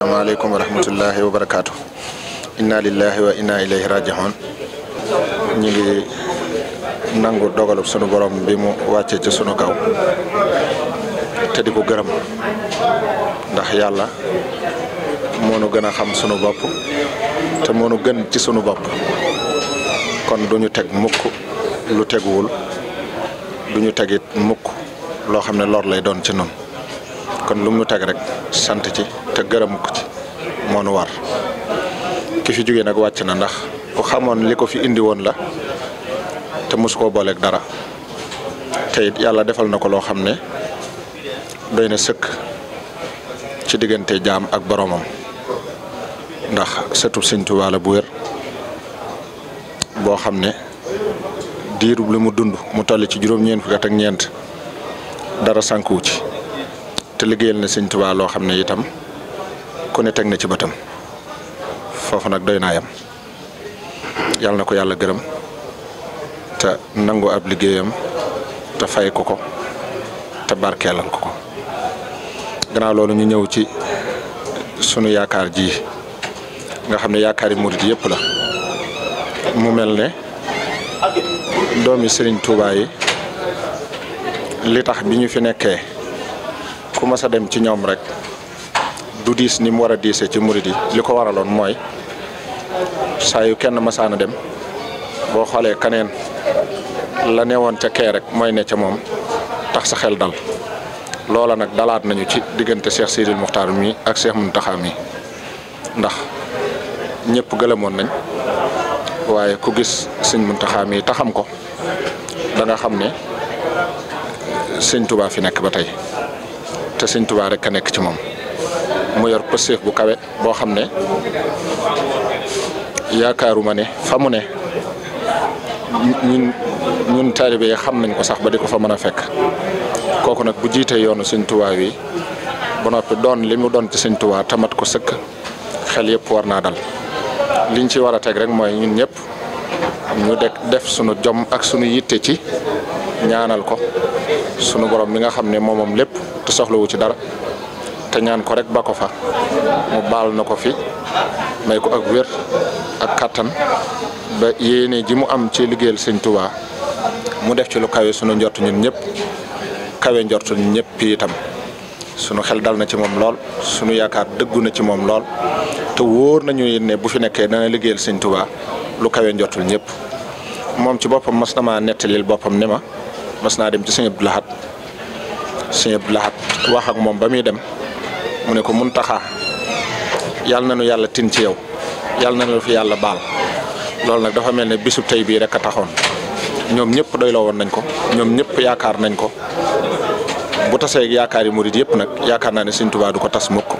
asalaamaaleykum wa rahmatullahi wa barakaatu inna lillahi wa inna ilayhi rajihoon ñu ngi nangu dogalub sunu borom bi mu wàccee ci sunu kaw te di ko gëram ndax yàlla moonu nu gën a xam sunu bopp te moo gën ci sunu bopp kon du ñu teg mukk lu teguwul du tegit mukk loo xam ne lor lay doon ci noon kon lu mu teg rek sant ci te gërëm ko ci moo war ki fi jógee nag wàcc na ndax ku xamoon li ko fi indi woon la te mosu koo dara te yàlla defal na ko loo xam ne doy na sëkk ci diggante jaam ak boromam ndax sëtu Sëñ Tuubaa la bu wér boo xam ne diirub li mu dund mu toll ci juróom-ñeent fukk ak ñeent dara sànkuwu ci. te liggéeyal na sëñ Tuubaa loo xam ne itam ku ne teg na ci batam foofu nag doy naa yam yàlla na ko yàlla gërëm te nangu ab liggéeyam te fay ko ko te barkeelal ko ko gannaaw loolu ñu ñëw ci sunu yaakaar ji nga xam ne yaakaari murit yëpp la mu mel ne doomi Serigne Touba li tax bi ñu fi nekkee. ku mas a dem ci ñoom rek du diis ni mu war a diisee ci murid yi li ko waraloon mooy saa yu kenn masaana dem boo xoolee kaneen la newoon ca kee rek mooy ne ca moom tax sa xel dal loola nag dalaat nañu ci diggante Cheikh Sidil Muxtaar mii ak Cheikh Muntaxa mi ndax ñëpp gëlëmoon nañ waaye ku gis sëñ Muntaxa mi taxam ko da xam ne sëñ Tuubaa fi nekk ba tey te sëñ Tuubaa rek a nekk ci moom mu yor pësteef bu kawe boo xam ne yaakaaruma ne fa mu ne ñun ñun taalibe yi xam nañ ko sax ba di ko fa mën a fekk kooku nag bu jiitee yoonu sëñ Tuubaa wi ba noppi doon li mu doon ci sëñ Tuubaa tamat ko sëkk xel yëpp war naa dal liñ ci war a teg rek mooy ñun ñëpp. mu de def sunu jom ak sunu yitte ci ñaanal ko sunu borom mi nga xam ne moomam lépp te soxlawu ci dara te ñaan ko rek ba ko fa mu baal na ko fi may ko ak wér ak kàttan ba yéene ji mu am ci liggéeyal sëñ mu def ci lu kawe sunu njort ñun ñëpp kawe njort ñun ñëpp itam sunu xel dal na ci moom lool sunu yaakaar dëggu na ci moom lool te wóor nañu ne bu fi nekkee dana liggéeyal sëñ lu kawe njottul ñëpp moom ci boppam mas na maa nettalil boppam ne ma mas naa dem ci sëñ Abdou Lahad sëñ Abdou moom ba muy dem mu ne ko Muntaxa yàlla na nu yàlla tin ci yow yàlla na nu fi yàlla baal loolu nag dafa mel ne bisub tey bii rek a taxoon ñoom ñëpp doyloo woon nañ ko ñoom ñëpp yaakaar nañ ko bu tasee yaakaar yi murid yëpp nag yaakaar naa ne sëñ Tuubaa du ko tas mukk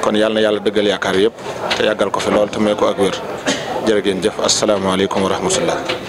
kon yàlla na yàlla dëggal yaakaar yëpp te yàggal ko fi lool te may ko ak wér. jërë ngeen jëf asalaamaaleykum wa rahmatullah